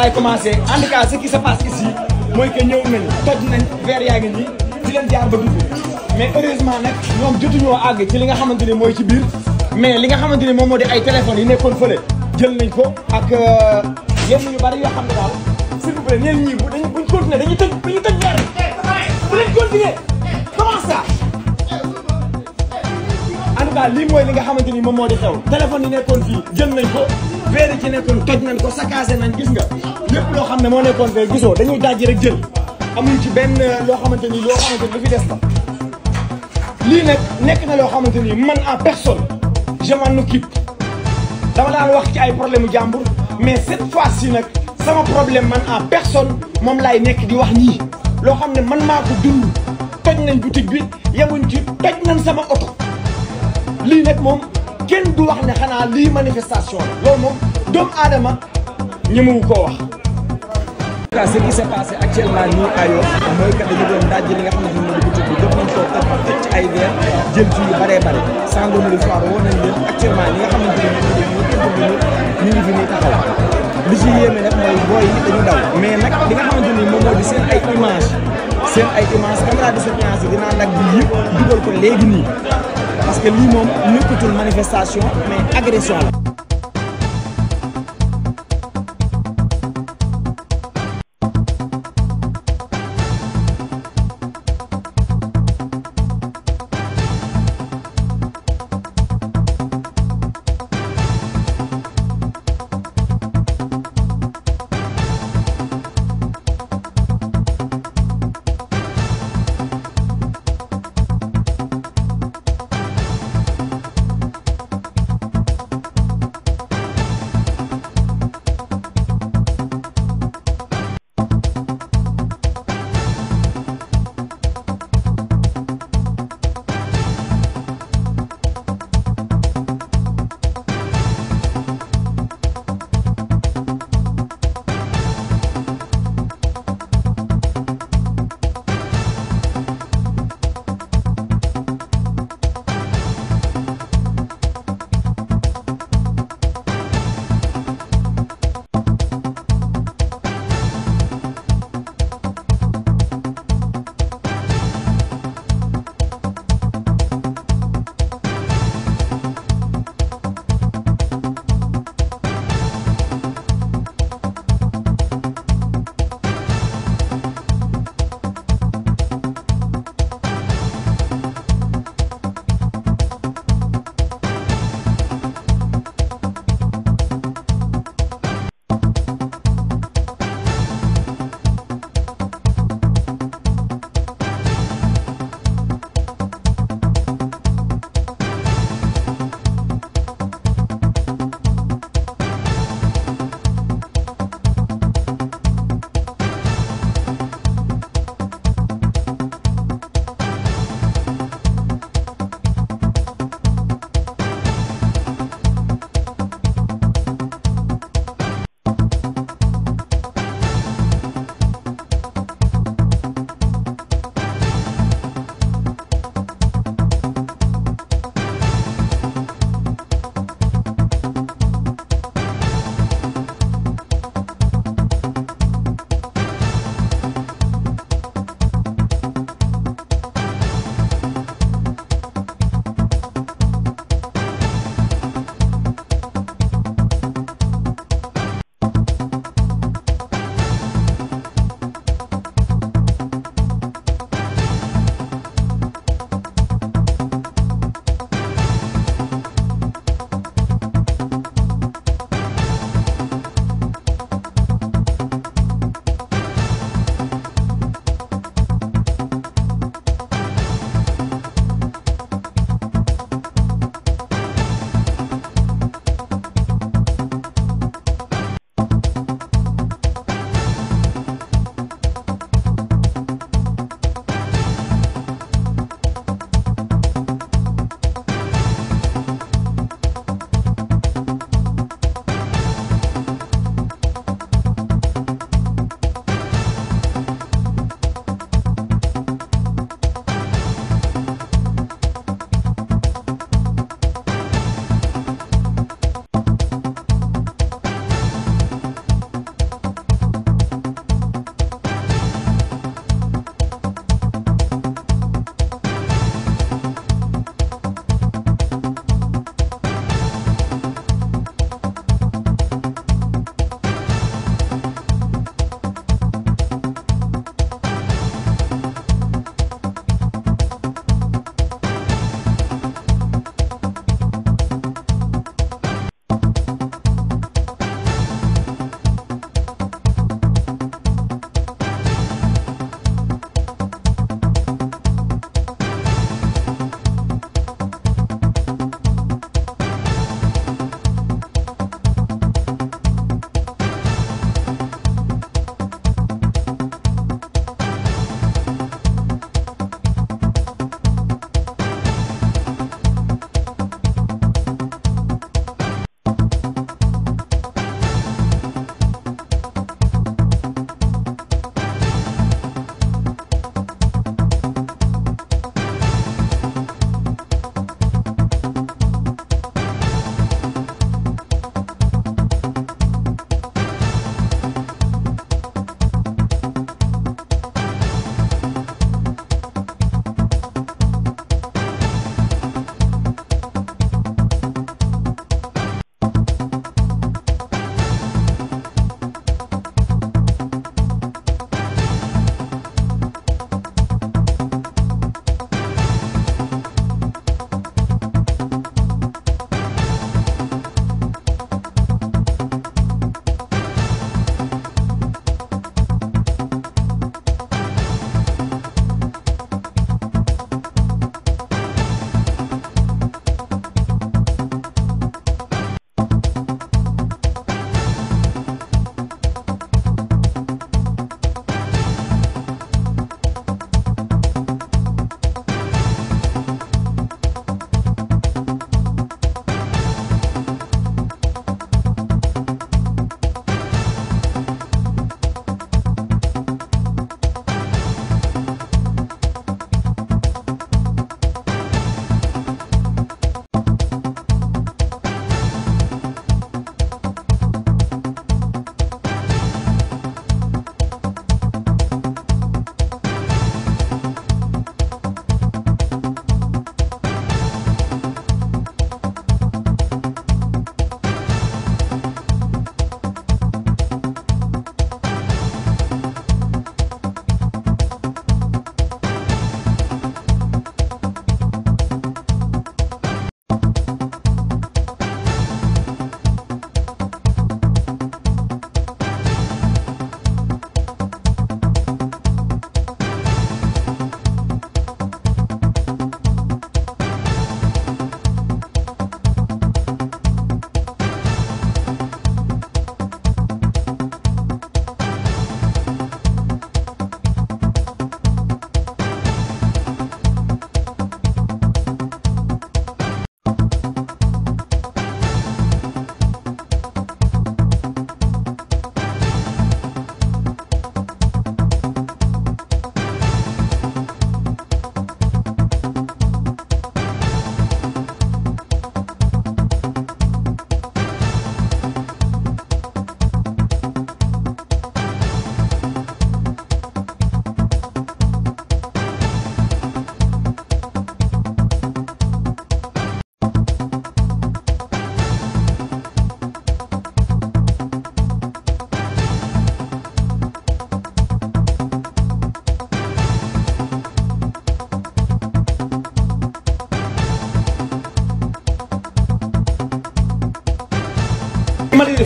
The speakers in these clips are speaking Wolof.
laay commencé en tout cas ce qui se passe ici mooy que ñëw nañ toj nañ verre yaa ngi nii di leen jaar ba dugg mais heureusement nag ñoom jotuñoo àgg ci li nga xamante ni mooy ci biir mais li nga xamante ni moom moo di ay téléphones yi nekkoon fële jël nañ ko ak euh, yenn ñu bari yoo xam ne daal s'il vous plaît neen ñii bu dañu buñ continuer dañuy tëj dañuy tëj verre eh, bu leen continuer comment ça tout cas lii mooy li nga xamante ni moom moo di xew téléphone yi nekkoon fii jël nañ ko verre ci nekkoon toj nañ ko saccagé nañ gis nga loo xam ne moo nekkoon fee gisoo dañuy dajji rek jël amuñ ci benn loo xamante ni loo xamante ni lii nag nekk na loo xamante ni man a personne je m'en occupe dama daan ci ay problème u jàmbur mais sama problème man en personne moom laay nekk di wax nii loo xam ne man maa ko dund toj nañ boutique bi yemuñ ci toj nañ sama oto lii nag moom kenn du wax ne xanaa lii manifestation la loolu moom doomu aadama ñemewu koo wax. voilà ce qui s'est passé actuellement nii à Yoff mooy que dañu doon daj li nga xam ne moom la ko tudd jot nañ koo toj toj ci ay weer jël ci yu bëree bëri sangam lu foire woon nañ leen actuellement ñi nga xamante ne moom la ñu tëdd ñu ñu ngi fi nii taxaw li ci yéeme nag mooy booy yi dañu daw mais nag li nga xamante ni moom moo di seen ay image seen ay image caméra de surveillance yi dinaa nag bi parce que lii moom nekkatul manifestation mais agression la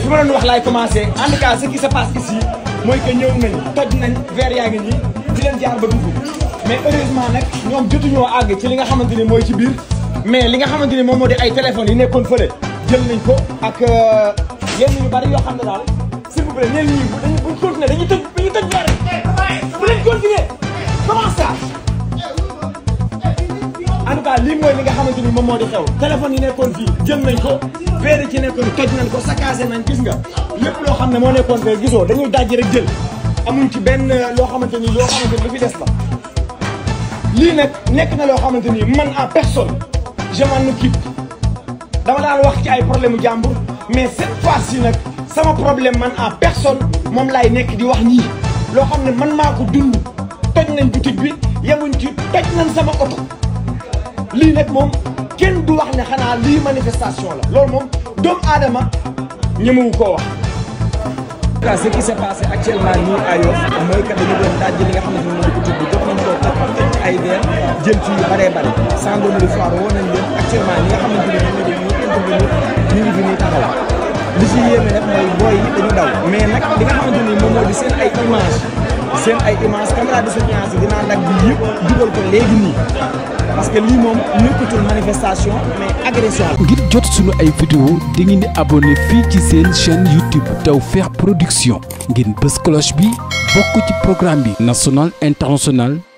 fi ma doon wax laay commencé en tout cas ce qui se passe ici mooy que ñëw nañ toj nañ verre yaa ngi nii di leen jaar ba dugg mais ñoom nag ñoom jotuñoo àgg ci li nga xamante ni mooy ci biir mais li nga xamante ni moom moo di ay téléphones yi nekkoon fële jël nañ ko ak euh, yenn ñu bari yoo xam ne daal s'il vous plaît ñenn ñi dañuy continuer dañuy tëj dañuy tëj verre eh, bu leen continuer comment en tout cas lii mooy li nga xamante ni moom moo di xew téléphone yi nekkoon fii jël nañ ko verre ci nekkoon toj nañ loo xam ne moo nekkoon fee jël amuñ ci benn loo loo xamante ni lu fi des lii nag nekk na loo xamante ni man en personne je m'en occupe dama daan wax ci ay problème u jàmbur mais cette fois-ci sama problème man a personne moom laay nekk di wax nii loo xam ne man maa ko dund toj nañ boutique bi yemuñ ci toj nañ sama oto lii nag moom kenn du wax ne xanaa lii manifestation la loolu moom doomu aadama ñemewu koo wax. voilà ce qui s' est passé actuellement nii à Yoff mooy que dañu doon daj li nga xam ne moom la ko tudd jox nañ ko teg ci ay verre jël ci yu bëree bëri li ci ay image seen ay image caméra de surveillance dinaa nag bi yëpp dugal ko léegi nii parce que lii moom nekkatul manifestation mais agression ngir jot sunu ay vidéo di ngeen di fii ci seen chaîne YouTube Tawfekh Production ngeen bës cloche bi bokk ci programme bi national international